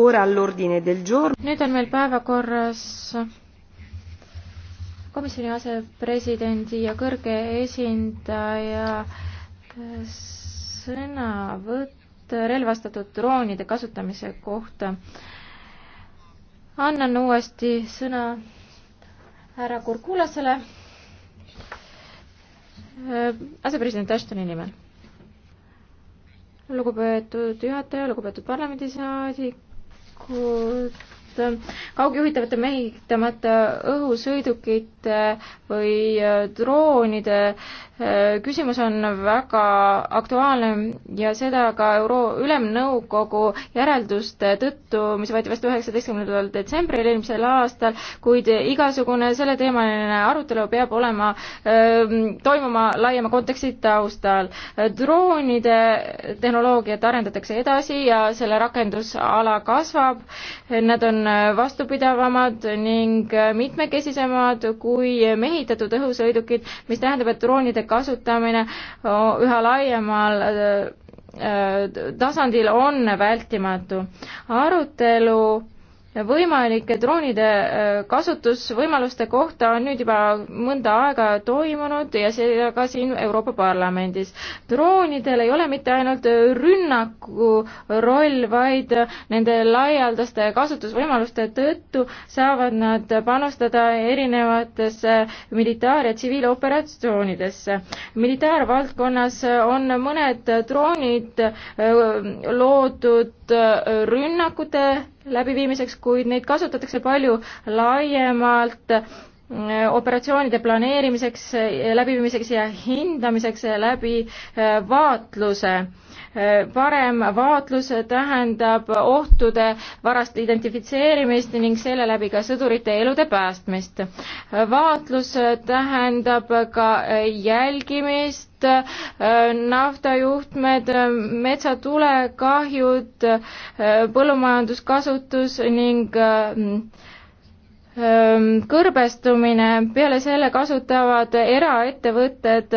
nüüd on meil päevakorras komisjoni asepresidendi ja kõrge esindaja sõnavõtt relvastatud droonide kasutamise kohta. annan uuesti sõna härra Kurkulasele asepresident Ashtoni nimel. lugupeetud juhataja, lugupeetud parlamendisaadik, ettepanekud kaugjuhitavate mehitamata õhusõidukite rakette või äh, droonide. Äh, küsimus on väga aktuaalne ja seda ka Euro-, Ülemnõukogu järelduste tõttu, mis võeti vastu üheksateistkümnendal detsembril eelmisel aastal, kuid igasugune selleteemaline arutelu peab olema, ähm, toimuma laiema konteksti taustal. droonide tehnoloogiat arendatakse edasi ja selle rakendusala kasvab, nad on vastupidavamad ning mitmekesisemad, kui kui mehitatud õhusõidukid, mis tähendab, et droonide kasutamine üha laiemal tasandil on vältimatu. arutelu võimalike droonide äh, kasutusvõimaluste kohta on nüüd juba mõnda aega toimunud ja seda ka siin Euroopa Parlamendis. droonidel ei ole mitte ainult rünnaku roll, vaid nende laialdaste kasutusvõimaluste tõttu saavad nad panustada erinevatesse militaar- ja tsiviiloperatsioonidesse. militaarvaldkonnas on mõned droonid äh, loodud äh, rünnakute läbiviimiseks, kuid neid kasutatakse palju laiemalt äh, operatsioonide planeerimiseks, äh, läbiviimiseks ja hindamiseks äh, läbi vaatluse parem vaatlus tähendab ohtude varast identifitseerimist ning selle läbi ka sõdurite elude päästmist. vaatlus tähendab ka jälgimist, naftajuhtmed, metsatulekahjud, põllumajanduskasutus ning mm, kõrbestumine, peale selle kasutavad eraettevõtted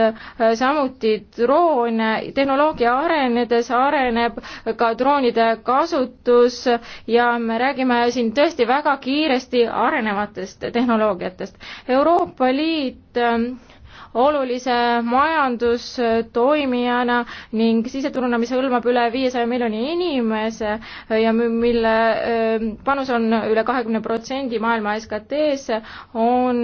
samuti droone, tehnoloogia arenedes areneb ka droonide kasutus ja me räägime siin tõesti väga kiiresti arenevatest tehnoloogiatest. Euroopa Liit olulise majandustoimijana ning siseturuna, mis hõlmab üle viiesaja miljoni inimese ja mille panus on üle kahekümne protsendi maailma SKT-s, on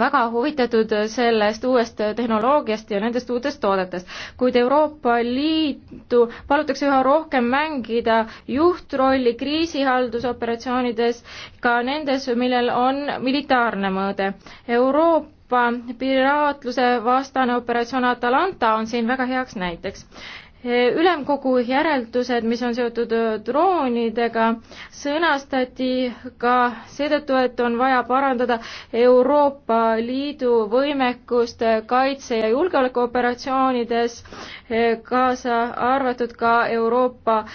väga huvitatud sellest uuest tehnoloogiast ja nendest uutest toodetest, kuid Euroopa Liitu palutakse üha rohkem mängida juhtrolli kriisihaldusoperatsioonides, ka nendes, millel on militaarne mõõde. Euroopa piraatluse vastane operatsioon Atalanta on siin väga heaks näiteks ülemkogu järeldused, mis on seotud äh, droonidega, sõnastati ka seetõttu, et on vaja parandada Euroopa Liidu võimekust kaitse- ja julgeolekuoperatsioonides, äh, kaasa arvatud ka Euroopa äh,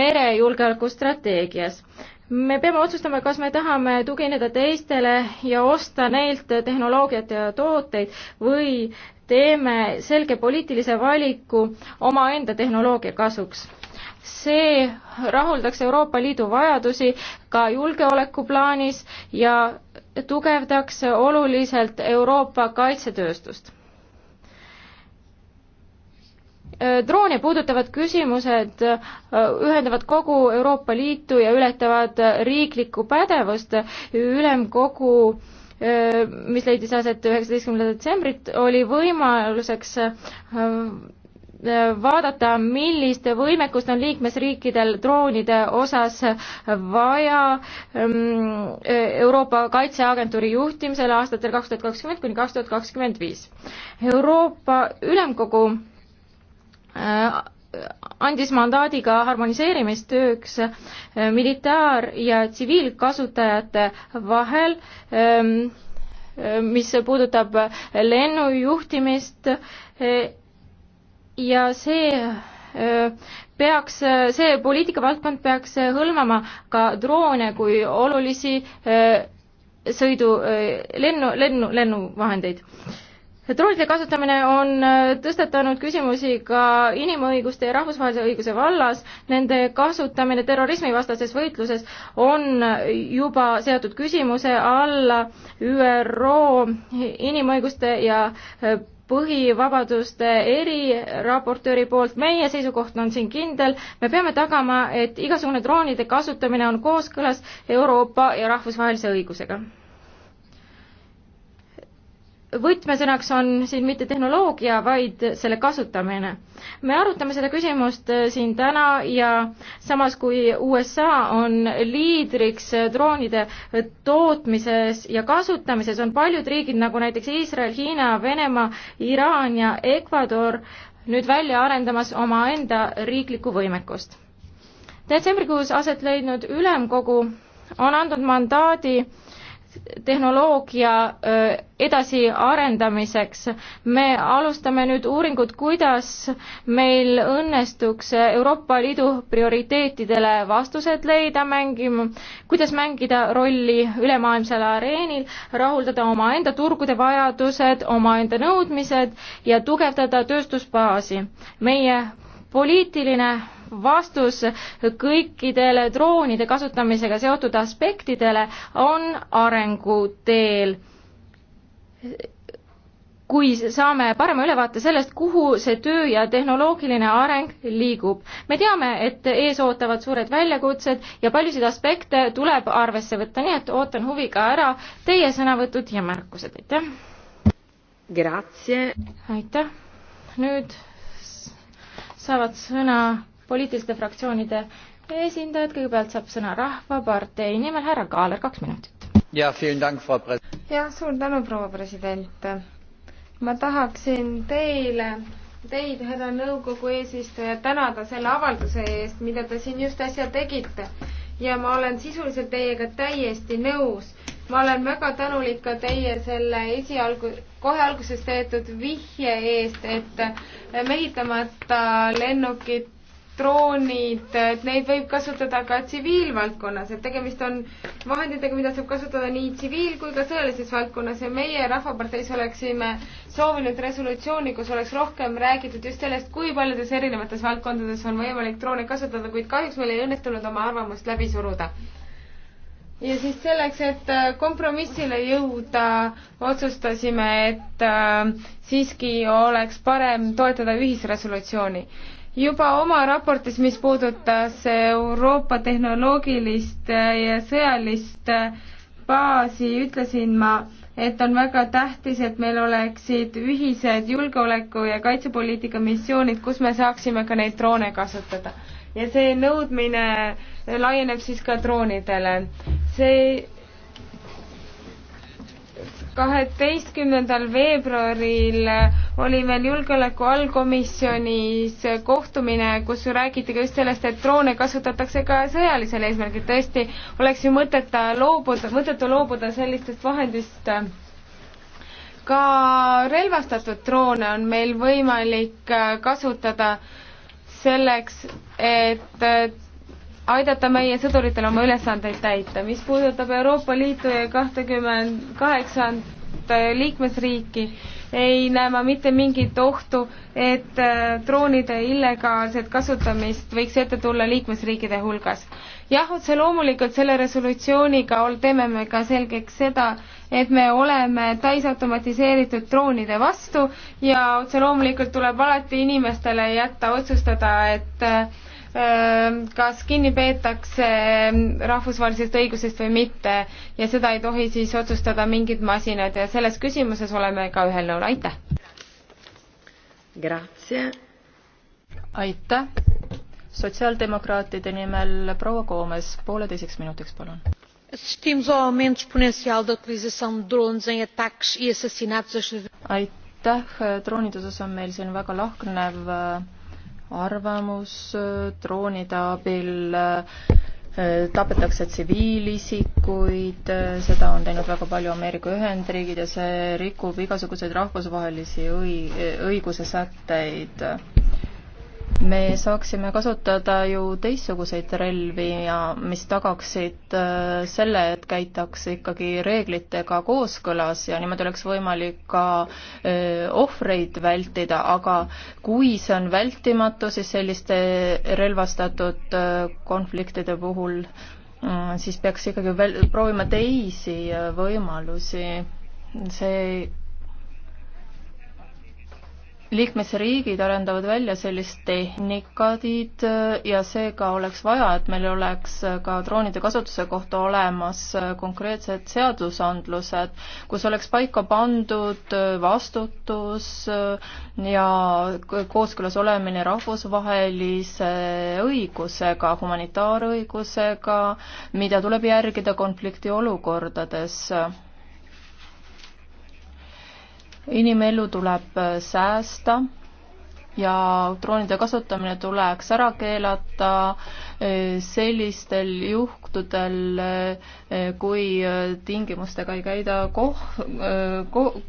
merejulgeolekustrateegias me peame otsustama, kas me tahame tugineda teistele ja osta neilt tehnoloogiat ja tooteid või teeme selge poliitilise valiku omaenda tehnoloogia kasuks. see rahuldaks Euroopa Liidu vajadusi ka julgeoleku plaanis ja tugevdaks oluliselt Euroopa kaitsetööstust. droone puudutavad küsimused äh, ühendavad kogu Euroopa Liitu ja ületavad riiklikku pädevust, ülemkogu mis leidis aset üheksateistkümnendat detsembrit, oli võimaluseks vaadata, millist võimekust on liikmesriikidel droonide osas vaja Euroopa Kaitseagentuuri juhtimisel aastatel kaks tuhat kakskümmend kuni kaks tuhat kakskümmend viis. Euroopa Ülemkogu andis mandaadi ka harmoniseerimistööks äh, militaar- ja tsiviilkasutajate vahel, ähm, äh, mis puudutab lennujuhtimist äh, ja see peaks, see poliitikavaldkond peaks hõlmama ka droone kui olulisi sõidu, lennu, lennu, lennuvahendeid trollide kasutamine on äh, tõstatanud küsimusi ka inimõiguste ja rahvusvahelise õiguse vallas, nende kasutamine terrorismivastases võitluses on juba seatud küsimuse alla ÜRO inimõiguste ja äh, põhivabaduste eriraportööri poolt, meie seisukoht on siin kindel, me peame tagama, et igasugune droonide kasutamine on kooskõlas Euroopa ja rahvusvahelise õigusega võtmesõnaks on siin mitte tehnoloogia, vaid selle kasutamine. me arutame seda küsimust äh, siin täna ja samas, kui USA on liidriks äh, droonide äh, tootmises ja kasutamises, on paljud riigid, nagu näiteks Iisrael, Hiina, Venemaa, Iraan ja Ecuador, nüüd välja arendamas omaenda riiklikku võimekust. detsembrikuus aset leidnud ülemkogu on andnud mandaadi tehnoloogia edasiarendamiseks. me alustame nüüd uuringut, kuidas meil õnnestuks Euroopa Liidu prioriteetidele vastused leida, mängima, kuidas mängida rolli ülemaailmsel areenil, rahuldada omaenda turgude vajadused, omaenda nõudmised ja tugevdada tööstusbaasi. meie poliitiline vastus kõikidele droonide kasutamisega seotud aspektidele on arenguteel kui saame parema ülevaate sellest, kuhu see töö ja tehnoloogiline areng liigub. me teame, et ees ootavad suured väljakutsed ja paljusid aspekte tuleb arvesse võtta, nii et ootan huviga ära teie sõnavõtud ja märkused, aitäh! aitäh! nüüd saavad sõna poliitiliste fraktsioonide esindajad, kõigepealt saab sõna Rahvapartei nimel härra Kaaler, kaks minutit. jah, suur tänu, proua president. ma tahaksin teile, teid, härra nõukogu eesistuja, tänada selle avalduse eest, mida te siin just äsja tegite. ja ma olen sisuliselt teiega täiesti nõus. ma olen väga tänulik ka teie selle esialgu, kohe alguses tehtud vihje eest, et mehitamata lennukit droonid, et neid võib kasutada ka tsiviilvaldkonnas, et tegemist on vahenditega, mida saab kasutada nii tsiviil kui ka sõjalises valdkonnas ja meie Rahvaparteis oleksime soovinud resolutsiooni, kus oleks rohkem räägitud just sellest, kui paljudes erinevates valdkondades on võimalik droone kasutada, kuid kahjuks meil ei õnnestunud oma arvamust läbi suruda ja siis selleks, et äh, kompromissile jõuda, otsustasime, et äh, siiski oleks parem toetada ühisresolutsiooni juba oma raportis, mis puudutas Euroopa tehnoloogilist ja sõjalist baasi, ütlesin ma, et on väga tähtis, et meil oleksid ühised julgeoleku- ja kaitsepoliitika missioonid, kus me saaksime ka neid droone kasutada. ja see nõudmine laieneb siis ka droonidele. see kaheteistkümnendal veebruaril oli meil julgeoleku allkomisjonis kohtumine, kus räägiti ka just sellest, et droone kasutatakse ka sõjalisel eesmärgil. tõesti oleks ju mõteta loobuda, mõttetu loobuda sellistest vahendist. ka relvastatud droone on meil võimalik kasutada selleks, et aidata meie sõduritel oma ülesandeid täita. mis puudutab Euroopa Liitu ja kahtekümmend kaheksat äh, liikmesriiki, ei näe ma mitte mingit ohtu, et äh, droonide illegaalset kasutamist võiks ette tulla liikmesriikide hulgas. jah, otse loomulikult selle resolutsiooniga teeme me ka selgeks seda, et me oleme täisautomatiseeritud droonide vastu ja otse loomulikult tuleb alati inimestele jätta otsustada, et äh, kas kinni peetakse rahvusvahelisest õigusest või mitte ja seda ei tohi siis otsustada mingid masinad ja selles küsimuses oleme ka ühel nõul, aitäh! aitäh! sotsiaaldemokraatide nimel proua Koomes, pooleteiseks minutiks, palun. E aitäh, droonide osas on meil siin väga lahknev arvamus droonide abil äh, tapetakse tsiviilisikuid, äh, seda on teinud väga palju Ameerika Ühendriigid ja see rikub igasuguseid rahvusvahelisi õi-, õiguse sätteid me saaksime kasutada ju teistsuguseid relvi ja mis tagaksid äh, selle, et käitaks ikkagi reeglitega kooskõlas ja niimoodi oleks võimalik ka äh, ohvreid vältida, aga kui see on vältimatu, siis selliste relvastatud äh, konfliktide puhul siis peaks ikkagi veel proovima teisi võimalusi. see liikmesriigid arendavad välja sellist tehnikadid äh, ja seega oleks vaja, et meil oleks äh, ka droonide kasutuse kohta olemas äh, konkreetsed seadusandlused, kus oleks paika pandud vastutus ja kooskõlas olemine rahvusvahelise õigusega, humanitaarõigusega, mida tuleb järgida konfliktiolukordades inimelu tuleb äh, säästa ja droonide kasutamine tuleks ära keelata äh, sellistel juhtudel, äh, kui tingimustega ei käida koh-, ko-,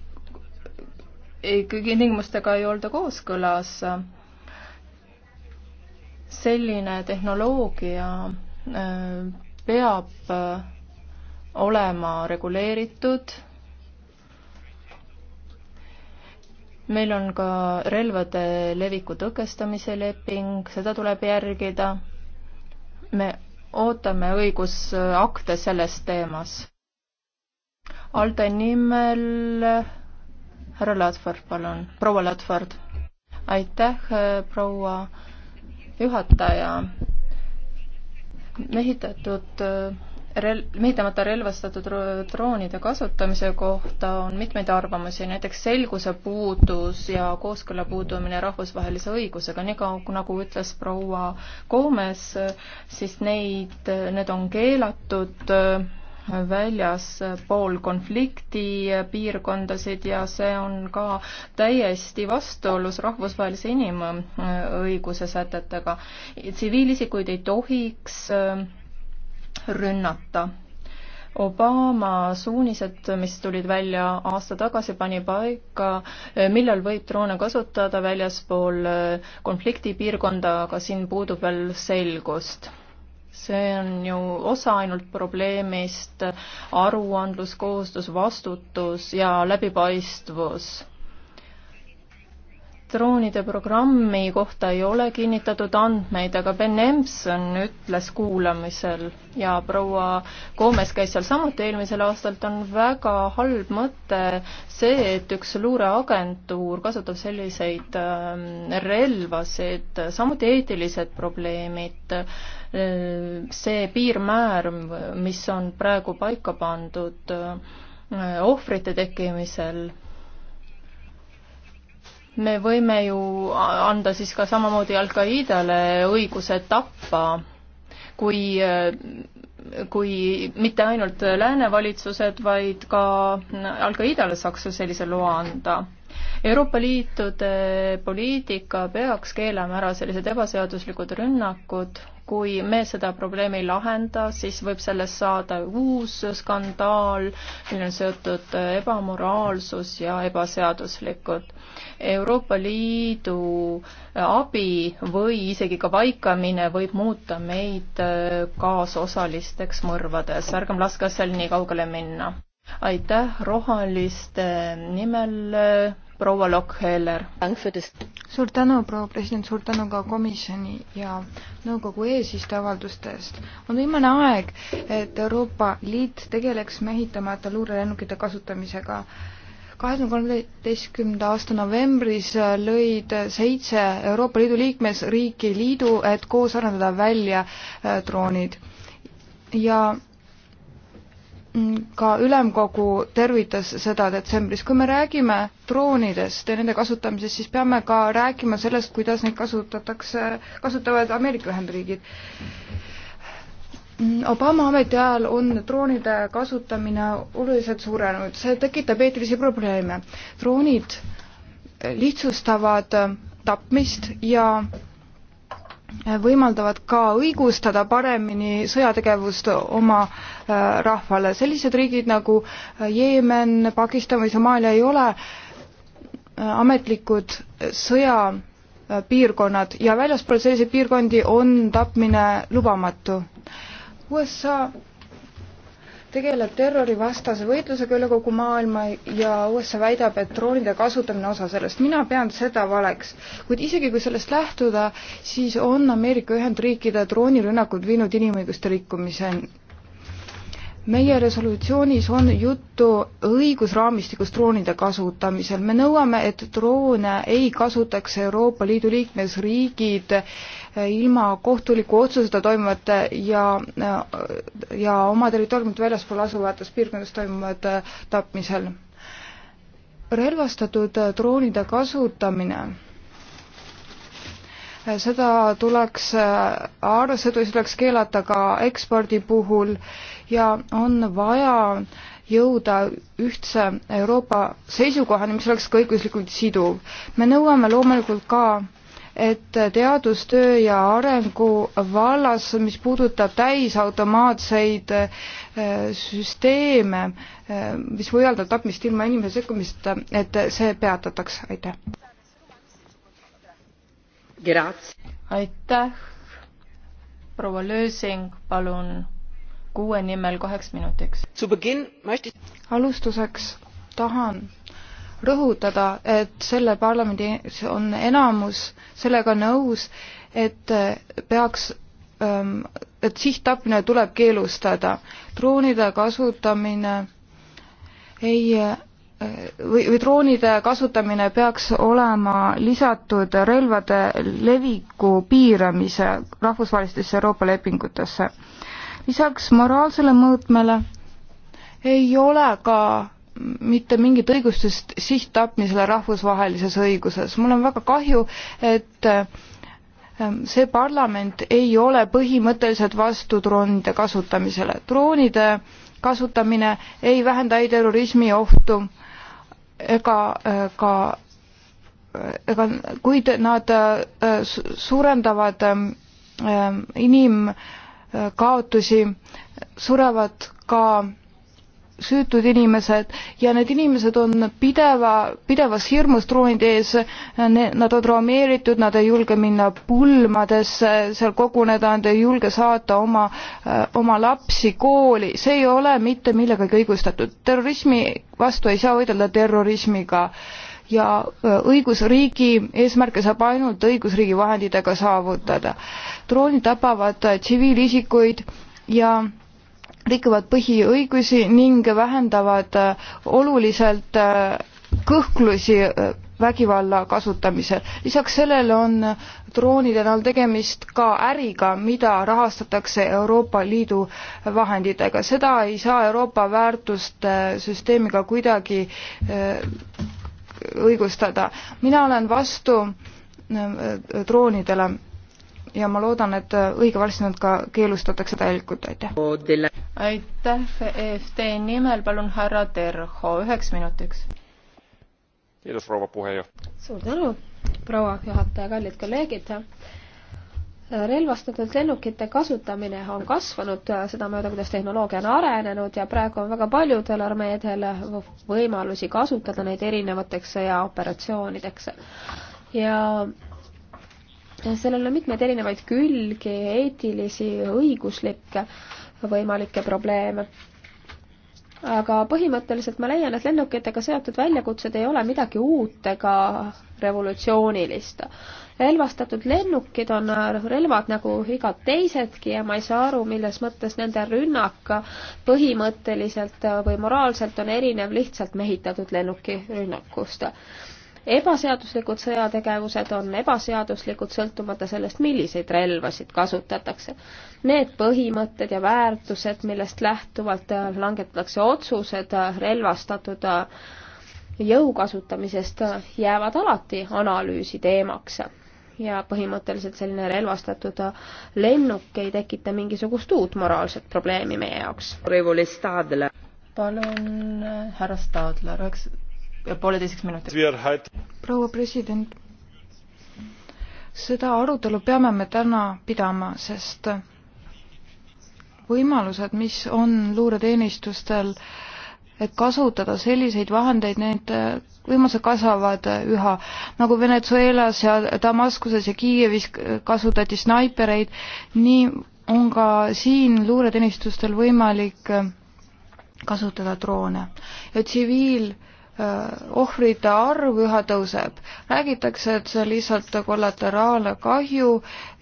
ikkagi tingimustega ei olda kooskõlas. selline tehnoloogia peab olema reguleeritud meil on ka relvade leviku tõkestamise leping, seda tuleb järgida. me ootame õigusakte selles teemas. Alde nimel härra Ladford, palun, proua Ladford. aitäh, proua juhataja. mehitatud rel-, mehitamata relvastatud droonide kasutamise kohta on mitmeid arvamusi, näiteks selguse puudus ja kooskõla puudumine rahvusvahelise õigusega, nii nagu, nagu ütles proua Koomes, siis neid, need on keelatud äh, väljaspool konflikti äh, piirkondasid ja see on ka täiesti vastuolus rahvusvahelise inimõiguse sätetega. tsiviilisikuid ei tohiks äh, rünnata. Obama suunised, mis tulid välja aasta tagasi, pani paika, millal võib droone kasutada väljaspool äh, konfliktipiirkonda, aga siin puudub veel selgust see on ju osa ainult probleemist, aruandluskohustus, vastutus ja läbipaistvus droonide programmi kohta ei ole kinnitatud andmeid, aga Ben Emson ütles kuulamisel ja proua Koomes käis seal samuti eelmisel aastal, et on väga halb mõte see, et üks luureagentuur kasutab selliseid ähm, relvasid, samuti eetilised probleemid, äh, see piirmäär, mis on praegu paika pandud äh, ohvrite tekkimisel me võime ju anda siis ka samamoodi Al-Qaedale õiguse tappa, kui, kui mitte ainult lääne valitsused, vaid ka Al-Qaedale saaks ju sellise loa anda. Euroopa Liitude poliitika peaks keelama ära sellised ebaseaduslikud rünnakud kui me seda probleemi ei lahenda, siis võib sellest saada uus skandaal, mille on seotud ebamoraalsus ja ebaseaduslikud. Euroopa Liidu abi või isegi ka vaikamine võib muuta meid kaasosalisteks mõrvades, ärgem laske seal nii kaugele minna. aitäh roheliste nimel proua Lokk-Heller. suur tänu, proua president, suur tänu ka komisjoni ja nõukogu eesistuja avalduste eest. on viimane aeg, et Euroopa Liit tegeleks mehitamata luurelennukite kasutamisega. kahe tuhande kolmeteistkümnenda aasta novembris lõid seitse Euroopa Liidu liikmesriiki liidu, et koos arendada välja äh, droonid ja ka ülemkogu tervitas seda detsembris. kui me räägime droonidest ja nende kasutamisest, siis peame ka rääkima sellest, kuidas neid kasutatakse, kasutavad Ameerika Ühendriigid. Obama ametiajal on droonide kasutamine oluliselt suurenenud, see tekitab eetilisi probleeme. droonid lihtsustavad tapmist ja võimaldavad ka õigustada paremini sõjategevust oma äh, rahvale. sellised riigid nagu äh, Jeemen, Pakistan või Somaalia ei ole äh, ametlikud sõjapiirkonnad ja väljaspool selliseid piirkondi on tapmine lubamatu. USA tegeleb terrorivastase võitlusega üle kogu maailma ja USA väidab, et droonide kasutamine osa sellest. mina pean seda valeks. kuid isegi kui sellest lähtuda, siis on Ameerika Ühendriikide droonirünnakud viinud inimõiguste rikkumiseni meie resolutsioonis on juttu õigusraamistikust droonide kasutamisel. me nõuame, et droone ei kasutaks Euroopa Liidu liikmesriigid äh, ilma kohtuliku otsuseta toimuvate ja, äh, ja oma territooriumit väljaspool asuvates piirkondades toimuvate tapmisel. relvastatud droonide kasutamine seda tuleks äh, arvestada, see tuleks keelata ka ekspordi puhul ja on vaja jõuda ühtse Euroopa seisukohani, mis oleks ka õiguslikult siduv. me nõuame loomulikult ka et teadustöö ja arengu vallas, mis puudutab täisautomaatseid äh, süsteeme, äh, mis võivad tapmist ilma inimese sekkumist, et see peatatakse, aitäh aitäh, proua Lösing, palun kuue nimel kaheks minutiks. alustuseks tahan rõhutada, et selle parlamendis on enamus sellega nõus, et peaks, ähm, et sihttapmine tuleb keelustada. droonide kasutamine ei või, või droonide kasutamine peaks olema lisatud relvade leviku piiramise rahvusvahelistesse Euroopa lepingutesse. lisaks moraalsele mõõtmele ei ole ka mitte mingit õigustust sihttapmisele rahvusvahelises õiguses. mul on väga kahju, et ähm, see parlament ei ole põhimõtteliselt vastu droonide kasutamisele. droonide kasutamine ei vähenda ei terrorismi ohtu ega ka ega kuid nad äh, suurendavad ähm, äh, inimkaotusi, surevad ka süütud inimesed ja need inimesed on pideva, pidevas hirmus droonide ees, nad on traumeeritud, nad ei julge minna pulmadesse, seal koguneda, nad ei julge saata oma, oma lapsi kooli, see ei ole mitte millegagi õigustatud. terrorismi vastu ei saa võidelda terrorismiga ja õigusriigi eesmärke saab ainult õigusriigi vahenditega saavutada. droonid tapavad tsiviilisikuid ja rikuvad põhiõigusi ning vähendavad äh, oluliselt äh, kõhklusi äh, vägivalla kasutamisel. lisaks sellele on droonide näol tegemist ka äriga, mida rahastatakse Euroopa Liidu vahenditega. seda ei saa Euroopa väärtuste süsteemiga kuidagi õigustada. mina olen vastu droonidele ja ma loodan, et õige varsti nad ka keelustatakse täielikult, aitäh. aitäh, EFT nimel palun härra Terho üheks minutiks. suur tänu, proua juhataja, kallid kolleegid relvastatud lennukite kasutamine on kasvanud sedamööda, kuidas tehnoloogia on arenenud ja praegu on väga paljudel armeedel võimalusi kasutada neid erinevateks sõjaoperatsioonideks. ja sellel on mitmeid erinevaid külgi, eetilisi, õiguslikke võimalikke probleeme. aga põhimõtteliselt ma leian, et lennukitega seotud väljakutsed ei ole midagi uut ega revolutsioonilist. relvastatud lennukid on relvad nagu igad teisedki ja ma ei saa aru, milles mõttes nende rünnak põhimõtteliselt või moraalselt on erinev lihtsalt mehitatud lennuki rünnakust ebaseaduslikud sõjategevused on ebaseaduslikud, sõltumata sellest, milliseid relvasid kasutatakse. Need põhimõtted ja väärtused, millest lähtuvalt langetatakse otsused relvastatud jõu kasutamisest, jäävad alati analüüsi teemaks ja põhimõtteliselt selline relvastatud lennuk ei tekita mingisugust uut moraalset probleemi meie jaoks. palun härra Stadler, üheks pooleteiseks minutiks. proua president, seda arutelu peame me täna pidama, sest võimalused, mis on luureteenistustel, et kasutada selliseid vahendeid, need võimalused kasvavad üha. nagu Venezuelas ja Damaskuses ja Kiievis kasutati snaipereid, nii on ka siin luureteenistustel võimalik kasutada droone ja tsiviil- Äh, ohvrite arv üha tõuseb. räägitakse, et see on lihtsalt kollateraalne kahju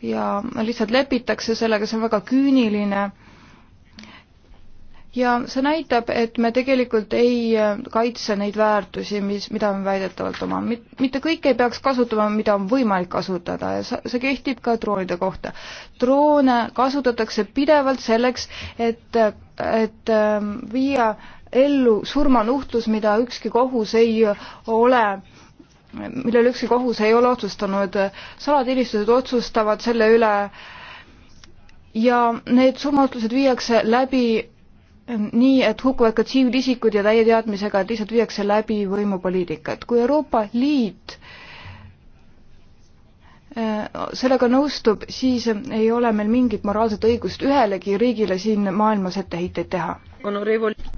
ja lihtsalt lepitakse sellega, see on väga küüniline. ja see näitab, et me tegelikult ei äh, kaitse neid väärtusi, mis, mida me väidetavalt omame. mitte kõike ei peaks kasutama, mida on võimalik kasutada ja see kehtib ka droonide kohta. droone kasutatakse pidevalt selleks, et, et äh, viia ellu surmanuhtlus, mida ükski kohus ei ole millele ükski kohus ei ole otsustanud. salateenistused otsustavad selle üle ja need surmaotsused viiakse läbi nii, et hukkuvad ka tsiviilisikud ja täie teadmisega, et lihtsalt viiakse läbi võimupoliitikat. kui Euroopa Liit äh, Äh, sellega nõustub, siis ei ole meil mingit moraalset õigust ühelegi riigile siin maailmas etteheiteid teha.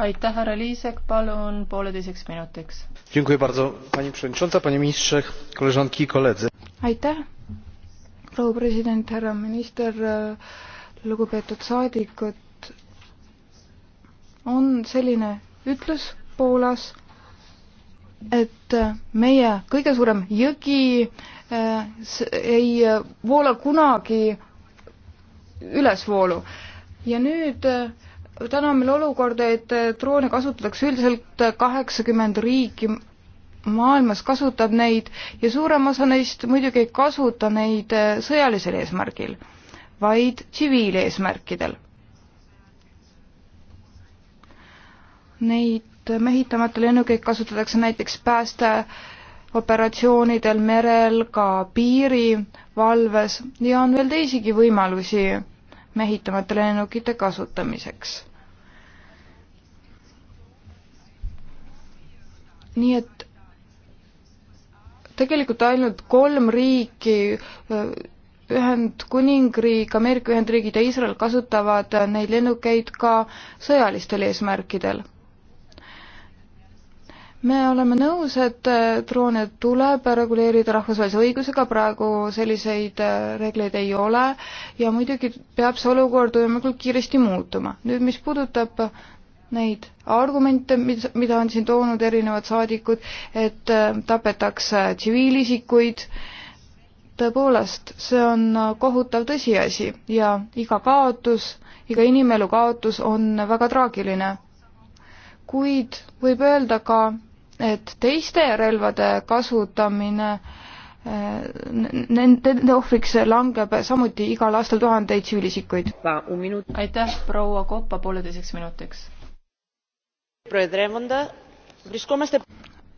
aitäh, härra Liisek, palun pooleteiseks minutiks. aitäh, proua president, härra minister, lugupeetud saadikud. on selline ütlus Poolas et meie kõige suurem jõgi äh, ei äh, voola kunagi ülesvoolu ja nüüd äh, täna on meil olukord, et droone kasutatakse üldiselt kaheksakümmend riiki maailmas kasutab neid ja suurem osa neist muidugi ei kasuta neid sõjalisel eesmärgil, vaid tsiviileesmärkidel. Neid et mehitamata lennukeid kasutatakse näiteks päästeoperatsioonidel merel, ka piirivalves ja on veel teisigi võimalusi mehitamata lennukite kasutamiseks. nii et tegelikult ainult kolm riiki Ühendkuningriik, Ameerika Ühendriigid ja Iisrael kasutavad neid lennukeid ka sõjalistel eesmärkidel me oleme nõus, et äh, droone tuleb reguleerida rahvusvahelise õigusega, praegu selliseid äh, reegleid ei ole ja muidugi peab see olukord võimalikult kiiresti muutuma. nüüd, mis puudutab neid argumente, mis, mida on siin toonud erinevad saadikud, et äh, tapetakse tsiviilisikuid, tõepoolest, see on kohutav tõsiasi ja iga kaotus, iga inimelu kaotus on väga traagiline. kuid võib öelda ka, et teiste relvade kasutamine eh, Nende, nende ohvriks langeb samuti igal aastal tuhandeid süülisikuid. aitäh, proua Koppa, pooleteiseks minutiks.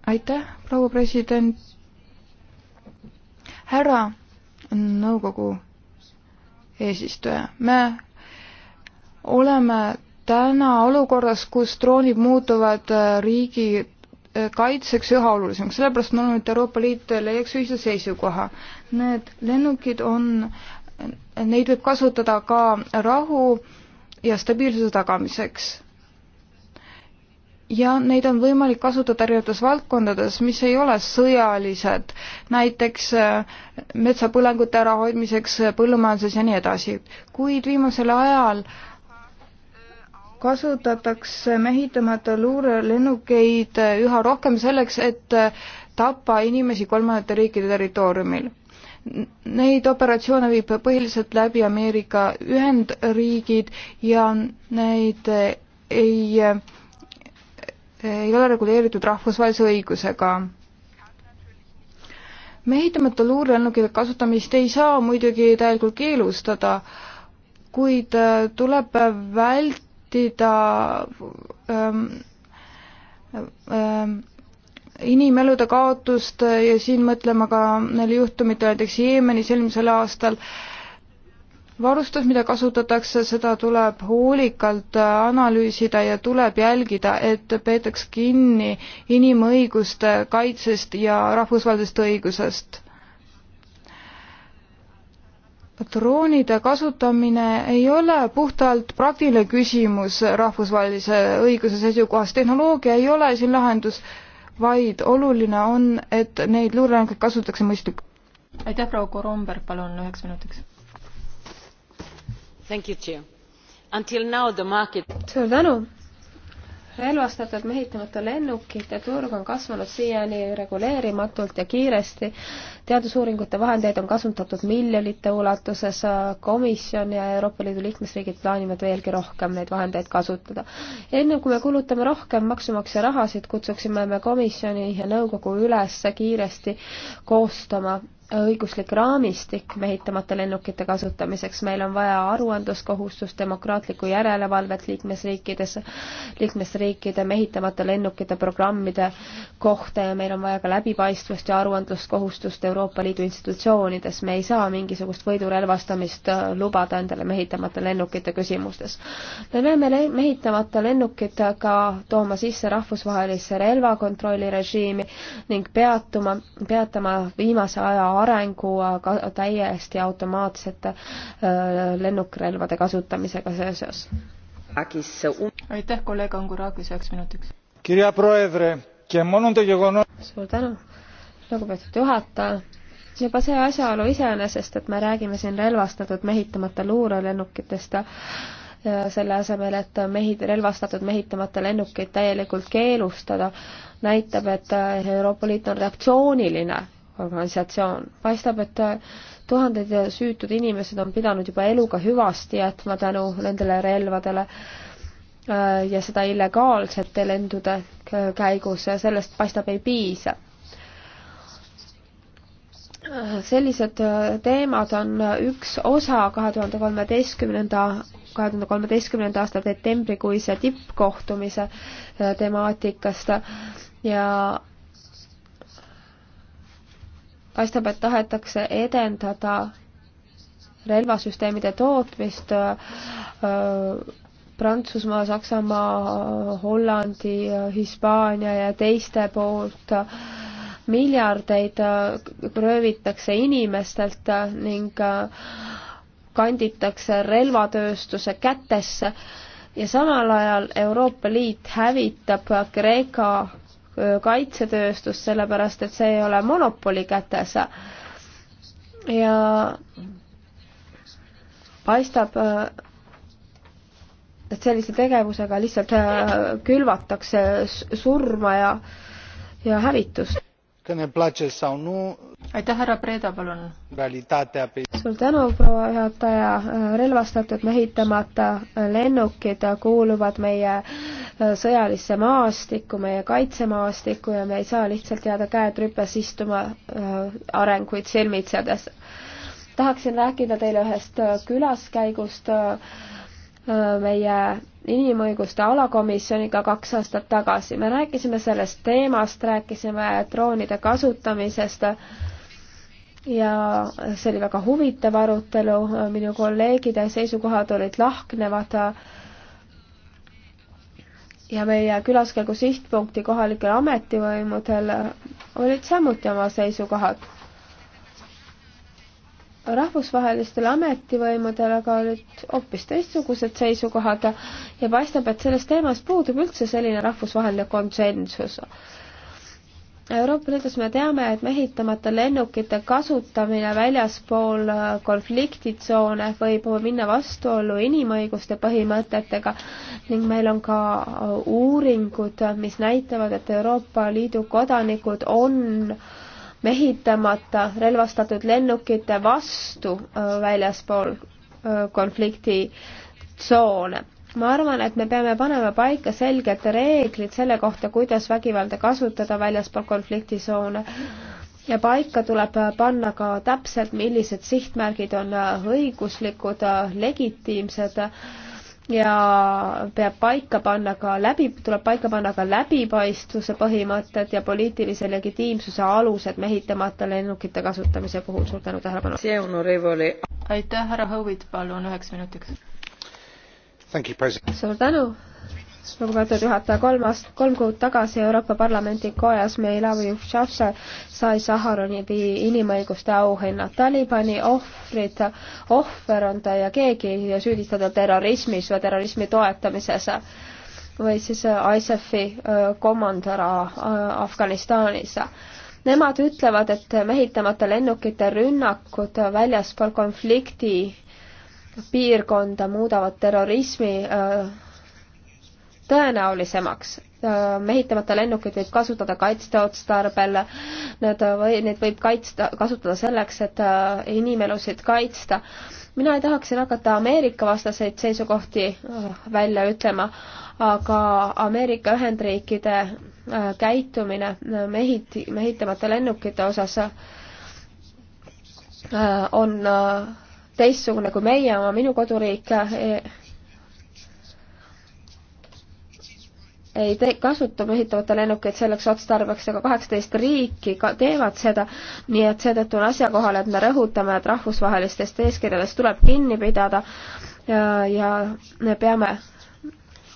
aitäh, proua president. härra nõukogu eesistuja, me oleme täna olukorras, kus troonid muutuvad eh, riigi Äh, kaitseks üha olulisemaks, sellepärast ma arvan, et Euroopa Liit leiaks ühise seisukoha. Need lennukid on, neid võib kasutada ka rahu ja stabiilsuse tagamiseks. ja neid on võimalik kasutada erinevates valdkondades, mis ei ole sõjalised, näiteks äh, metsapõlengute ärahoidmiseks äh, põllumajanduses ja nii edasi. kuid viimasel ajal äh, kasutatakse mehitamata luurelennukeid üha rohkem selleks, et tappa inimesi kolmandate riikide territooriumil. Neid operatsioone viib põhiliselt läbi Ameerika Ühendriigid ja neid ei, ei ole reguleeritud rahvusvahelise õigusega mehitamata luurelennukite kasutamist ei saa muidugi täielikult keelustada, kuid tuleb vält-, vältida ähm, ähm, inimelude kaotust ja siin mõtlema ka neile juhtumitele näiteks Jeemenis eelmisel aastal. varustus, mida kasutatakse, seda tuleb hoolikalt analüüsida ja tuleb jälgida, et peetaks kinni inimõiguste kaitsest ja rahvusvahelisest õigusest patroonide kasutamine ei ole puhtalt praktiline küsimus rahvusvahelise õiguse seisukohast, tehnoloogia ei ole siin lahendus, vaid oluline on, et neid luurelangeid kasutatakse mõistlikult. aitäh, proua Koromber, palun üheks minutiks. suur tänu relvastatud mehitamata lennukite turg on kasvanud siiani reguleerimatult ja kiiresti. teadusuuringute vahendeid on kasutatud miljonite ulatuses, komisjon ja Euroopa Liidu liikmesriigid plaanivad veelgi rohkem neid vahendeid kasutada. enne kui me kulutame rohkem maksumaksja rahasid, kutsuksime me komisjoni ja nõukogu üles kiiresti koostama õiguslik raamistik mehitamata lennukite kasutamiseks, meil on vaja aruandluskohustust, demokraatlikku järelevalvet liikmesriikides, liikmesriikide mehitamata lennukite programmide kohta ja meil on vaja ka läbipaistvust ja aruandluskohustust Euroopa Liidu institutsioonides, me ei saa mingisugust võidurelvastamist äh, lubada endale mehitamata lennukite küsimustes. me peame mehitamata lennukid ka tooma sisse rahvusvahelisse relvakontrolli režiimi ning peatuma, peatama viimase aja arengu ka täiesti automaatsete äh, lennukrelvade kasutamisega seoses. aitäh, kolleeg Angurakis, üheks minutiks. suur tänu, lugupeetud juhataja juba see asjaolu iseenesest, et me räägime siin relvastatud mehitamata luurelennukitest, selle asemel, et mehi, relvastatud mehitamata lennukeid täielikult keelustada, näitab, et Euroopa Liit on reaktsiooniline organisatsioon. paistab, et äh, tuhanded äh, süütud inimesed on pidanud juba eluga hüvasti jätma tänu nendele relvadele äh, ja seda illegaalsete lendude käigus ja sellest paistab ei piisa. sellised teemad on üks osa kahe tuhande kolmeteistkümnenda kahe tuhande kolmeteistkümnenda aasta detsembrikuise tippkohtumise temaatikast ja paistab, et tahetakse edendada relvasüsteemide tootmist äh, Prantsusmaa, Saksamaa, Hollandi, Hispaania ja teiste poolt miljardeid äh, röövitakse inimestelt äh, ning kanditakse relvatööstuse kätesse ja samal ajal Euroopa Liit hävitab Kreeka kaitsetööstus, sellepärast et see ei ole monopoli kätes. ja paistab, et sellise tegevusega lihtsalt äh, külvatakse surma ja, ja hävitust. aitäh, härra Preeda, palun. suur tänu, proua juhataja. relvastatud mehitamata lennukid kuuluvad meie äh, Äh, sõjalisse maastikku, meie kaitsemaastikku ja me ei saa lihtsalt jääda käed rüpes istuma äh, arenguid silmitsedes. tahaksin rääkida teile ühest äh, külaskäigust meie inimõiguste alakomisjoniga kaks aastat tagasi. me rääkisime sellest teemast, rääkisime droonide kasutamisest ja see oli väga huvitav arutelu, minu kolleegide seisukohad olid lahknevad ja meie külaskäigu sihtpunkti kohalikel ametivõimudel olid samuti oma seisukohad. rahvusvahelistel ametivõimudel aga olid hoopis teistsugused seisukohad ja paistab, et selles teemas puudub üldse selline rahvusvaheline konsensus. Euroopa Liidus me teame, et mehitamata lennukite kasutamine väljaspool äh, konfliktitsoone võib minna vastuollu inimõiguste põhimõtetega ning meil on ka äh, uuringud, mis näitavad, et Euroopa Liidu kodanikud on mehitamata relvastatud lennukite vastu äh, väljaspool konfliktitsoone ma arvan, et me peame panema paika selged reeglid selle kohta, kuidas vägivalda kasutada väljaspool konfliktisoone ja paika tuleb panna ka täpselt, millised sihtmärgid on õiguslikud, legitiimsed ja peab paika panna ka läbi, tuleb paika panna ka läbipaistvuse põhimõtted ja poliitilise legitiimsuse alused mehitamata lennukite kasutamise puhul. suur tänu tähelepanu! aitäh, härra Hõuvit, palun üheks minutiks! suur tänu, lugupeetud juhataja, kolm aast-, kolm kuud tagasi Euroopa Parlamendi kojas Meilavi Juhšavša sai Saharoni inimõiguste auhinna. Talibani ohvrid, ohver on ta ja keegi ei süüdista ta terrorismis või terrorismi toetamises või siis äh, ISAF-i äh, komandör äh, Afganistanis. Nemad ütlevad, et mehitamata lennukite rünnakud väljaspool konflikti piirkonda muudavad terrorismi äh, tõenäolisemaks. Äh, mehitamata lennukeid võib kasutada kaitseotstarbel, nad äh, või, neid võib kaitsta, kasutada selleks, et inimelusid kaitsta. mina ei tahaks siin hakata Ameerika vastaseid seisukohti välja ütlema, aga Ameerika Ühendriikide käitumine mehit-, mehitamata lennukite osas on teistsugune kui meie oma, minu koduriik eh, ei tee, kasuta mehitavate lennukeid selleks otstarbeks, aga kaheksateist riiki ka teevad seda, nii et seetõttu on asjakohane, et me rõhutame, et rahvusvahelistest eeskirjadest tuleb kinni pidada ja, ja me peame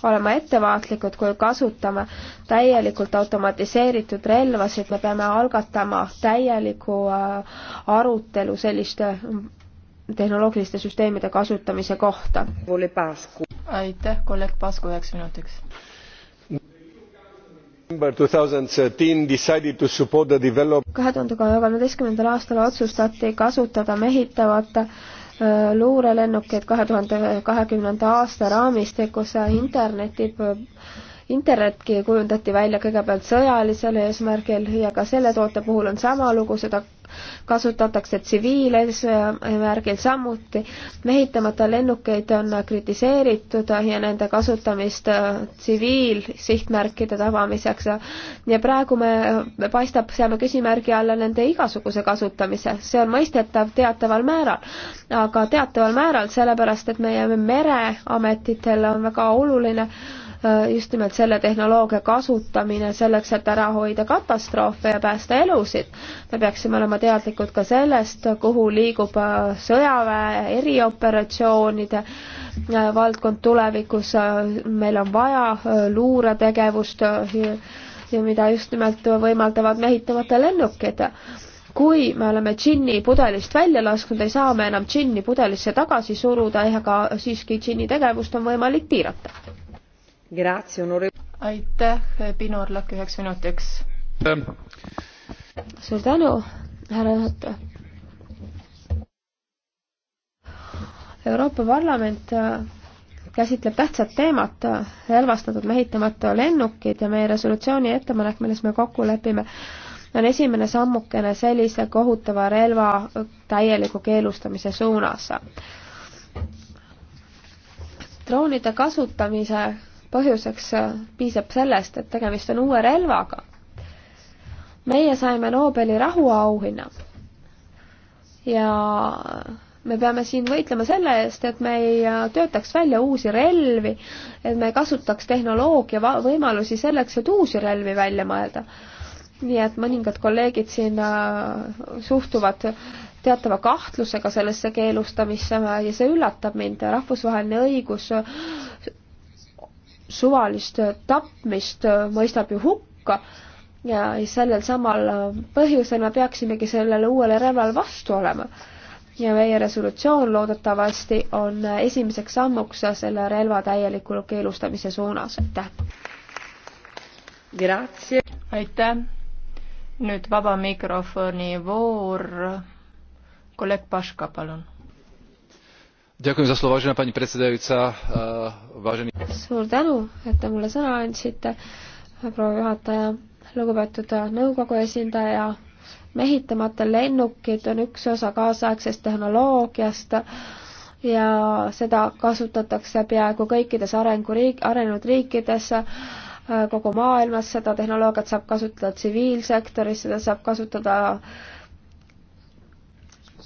olema ettevaatlikud, kui kasutame täielikult automatiseeritud relvasid, me peame algatama täieliku äh, arutelu selliste tehnoloogiliste süsteemide kasutamise kohta. aitäh, kolleeg Pasku üheks minutiks. kahe tuhande kolmeteistkümnendal aastal otsustati kasutada mehitavate äh, luurelennukeid kahe tuhande kahekümnenda aasta raamistikus interneti internetki kujundati välja kõigepealt sõjalisel eesmärgil ja ka selle toote puhul on sama lugu, seda kasutatakse tsiviileesmärgil samuti. mehitamata lennukeid on kritiseeritud ja nende kasutamist tsiviilsihtmärkide tabamiseks. ja praegu me, paistab, seame küsimärgi alla nende igasuguse kasutamise. see on mõistetav teataval määral, aga teataval määral sellepärast, et meie mereametitel on väga oluline Äh, just nimelt selle tehnoloogia kasutamine selleks, et ära hoida katastroofe ja päästa elusid. me peaksime olema teadlikud ka sellest, kuhu liigub äh, sõjaväe erioperatsioonide äh, valdkond tulevikus, meil on vaja luuretegevust ja mida just nimelt võimaldavad mehitamata lennukid kui me oleme džinni pudelist välja lasknud, ei saa me enam džinni pudelisse tagasi suruda, ega siiski džinni tegevust on võimalik piirata aitäh, Pino Orlak üheks minutiks. suur tänu, härra juhataja. Euroopa Parlament äh, käsitleb tähtsat teemat, äh, relvastatud mehitamata lennukid ja meie resolutsiooni ettepanek, milles me kokku lepime, on esimene sammukene sellise kohutava relva täieliku keelustamise suunas. droonide kasutamise põhjuseks äh, piisab sellest, et tegemist on uue relvaga. meie saime Nobeli rahuauhinna ja me peame siin võitlema selle eest, et me ei äh, töötaks välja uusi relvi, et me kasutaks tehnoloogia võimalusi selleks, et uusi relvi välja mõelda. nii et mõningad kolleegid siin äh, suhtuvad teatava kahtlusega sellesse keelustamisse ja see üllatab mind, rahvusvaheline õigus suvalist tapmist äh, mõistab ju hukka ja sellel samal äh, põhjusel me peaksimegi sellele uuele relvale vastu olema. ja meie resolutsioon loodetavasti on äh, esimeseks sammuks selle relva täielikule keelustamise suunas, aitäh! aitäh! nüüd vaba mikrofoni voor, kolleeg Paška, palun suur tänu, et te mulle sõna andsite, proua juhataja, lugupeetud nõukogu esindaja. mehitamata lennukid on üks osa kaasaegsest tehnoloogiast ja seda kasutatakse peaaegu kõikides arenguriik, arenenud riikides kogu maailmas, seda tehnoloogiat saab kasutada tsiviilsektoris, seda saab kasutada äh,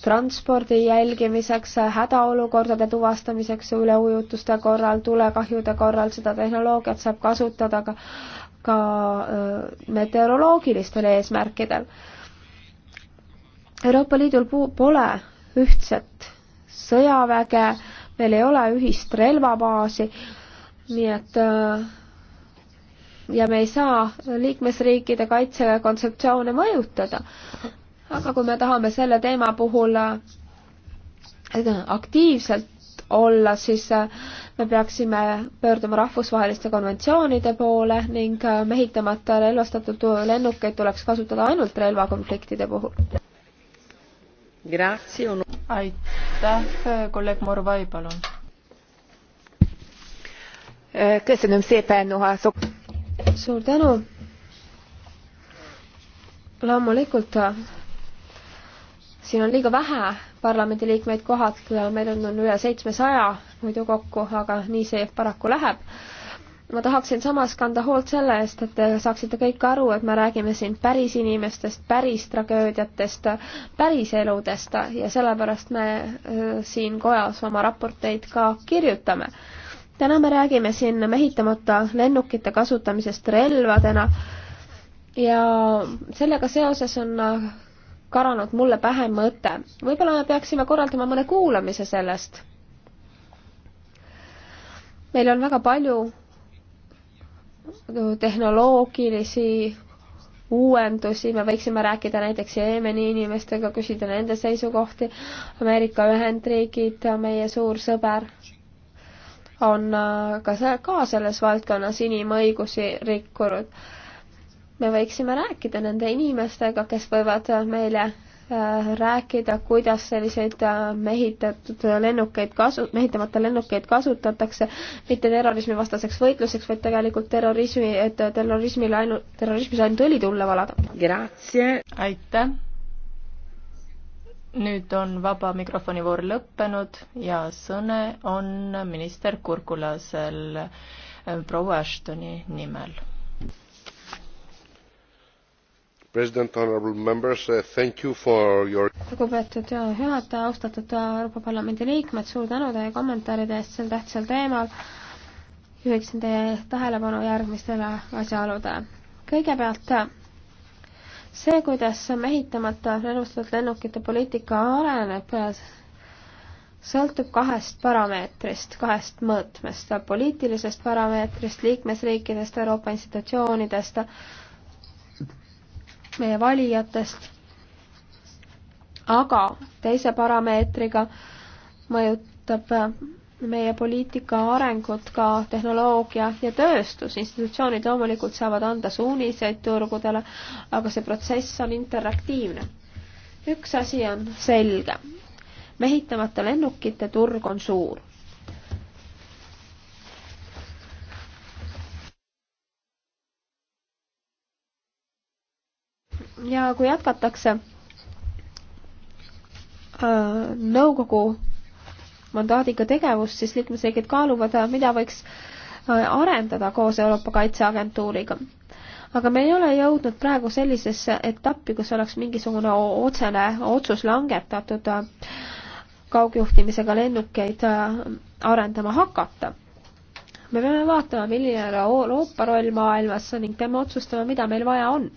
transpordi jälgimiseks, hädaolukordade tuvastamiseks üleujutuste korral, tulekahjude korral, seda tehnoloogiat saab kasutada ka, ka äh, meteoroloogilistel eesmärkidel. Euroopa Liidul pole ühtset sõjaväge, meil ei ole ühist relvabaasi, nii et äh, ja me ei saa liikmesriikide kaitsekontseptsioone mõjutada aga kui me tahame selle teema puhul äh, aktiivselt olla, siis äh, me peaksime pöörduma rahvusvaheliste konventsioonide poole ning äh, mehitamata relvastatud lennukeid tuleks kasutada ainult relvakonfliktide puhul. aitäh, kolleeg Morvai, palun. suur tänu. loomulikult siin on liiga vähe parlamendiliikmeid kohad, meil on, on üle seitsmesaja muidu kokku, aga nii see paraku läheb. ma tahaksin samas kanda hoolt selle eest, et te saaksite kõik aru, et me räägime siin päris inimestest, päris tragöödiatest, päris eludest ja sellepärast me siin kojas oma raporteid ka kirjutame täna me räägime siin mehitamata lennukite kasutamisest relvadena ja sellega seoses on karanud mulle pähe mõte. võib-olla me peaksime korraldama mõne kuulamise sellest. meil on väga palju tehnoloogilisi uuendusi, me võiksime rääkida näiteks Jeemeni inimestega, küsida nende seisukohti. Ameerika Ühendriigid, meie suur sõber, on ka, ka selles valdkonnas inimõigusi rikkunud me võiksime rääkida nende inimestega, kes võivad äh, meile äh, rääkida, kuidas selliseid äh, mehitatud lennukeid kasu, mehitamata lennukeid kasutatakse mitte terrorismivastaseks võitluseks, vaid tegelikult terrorismi, et terrorismile ainult, terrorismis ainult õli tulle valada. aitäh! nüüd on vaba mikrofoni voor lõppenud ja sõne on minister Kurkulasel proua Ashtoni nimel Uh, lugupeetud äh, juhataja austatud äh, euroopa parlamendi liikmed suur tänu teie kommentaaride eest sel tähtsal teemal juhiksin teie tähelepanu järgmistele asjaoludele kõigepealt see kuidas mehitamata relvastatud lennukite poliitika areneb sõltub kahest parameetrist kahest mõõtmest poliitilisest parameetrist liikmesriikidest euroopa institutsioonidest meie valijatest, aga teise parameetriga mõjutab meie poliitika arengut ka tehnoloogia ja tööstus. institutsioonid loomulikult saavad anda suuniseid turgudele, aga see protsess on interaktiivne. üks asi on selge. mehitamata lennukite turg on suur ja kui jätkatakse äh, nõukogu mandaadiga tegevust, siis liikmesriigid kaaluvad, äh, mida võiks äh, arendada koos Euroopa Kaitseagentuuriga. aga me ei ole jõudnud praegu sellisesse etappi, kus oleks mingisugune otsene otsus langetatud kaugjuhtimisega lennukeid arendama hakata. me peame vaatama, milline on Euroopa roll maailmas ning peame otsustama, mida meil vaja on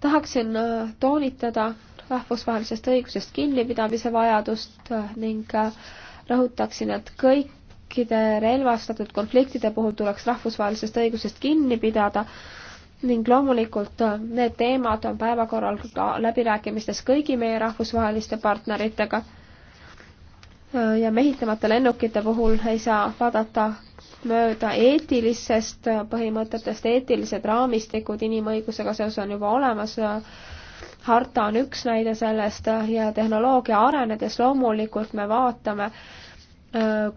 tahaksin äh, toonitada rahvusvahelisest õigusest kinnipidamise vajadust äh, ning äh, rõhutaksin, et kõikide relvastatud konfliktide puhul tuleks rahvusvahelisest õigusest kinni pidada ning loomulikult need teemad on päevakorral ka läbirääkimistes kõigi meie rahvusvaheliste partneritega. ja mehitamata lennukite puhul ei saa vaadata mööda eetilistest põhimõtetest, eetilised raamistikud inimõigusega seoses on juba olemas, harta on üks näide sellest ja tehnoloogia arenedes loomulikult me vaatame,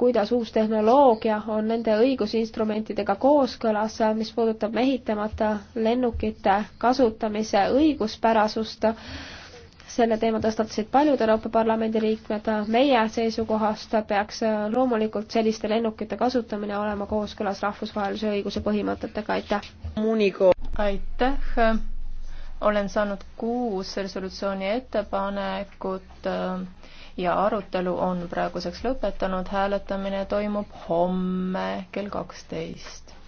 kuidas uus tehnoloogia on nende õigusinstrumentidega kooskõlas, mis puudutab mehitamata lennukite kasutamise õiguspärasust selle teema tõstatasid paljud Euroopa Parlamendi liikmed, meie seisukohast peaks loomulikult selliste lennukite kasutamine olema kooskõlas rahvusvahelise õiguse põhimõtetega, aitäh! aitäh! olen saanud kuus resolutsiooni ettepanekut äh, ja arutelu on praeguseks lõpetanud, hääletamine toimub homme kell kaksteist.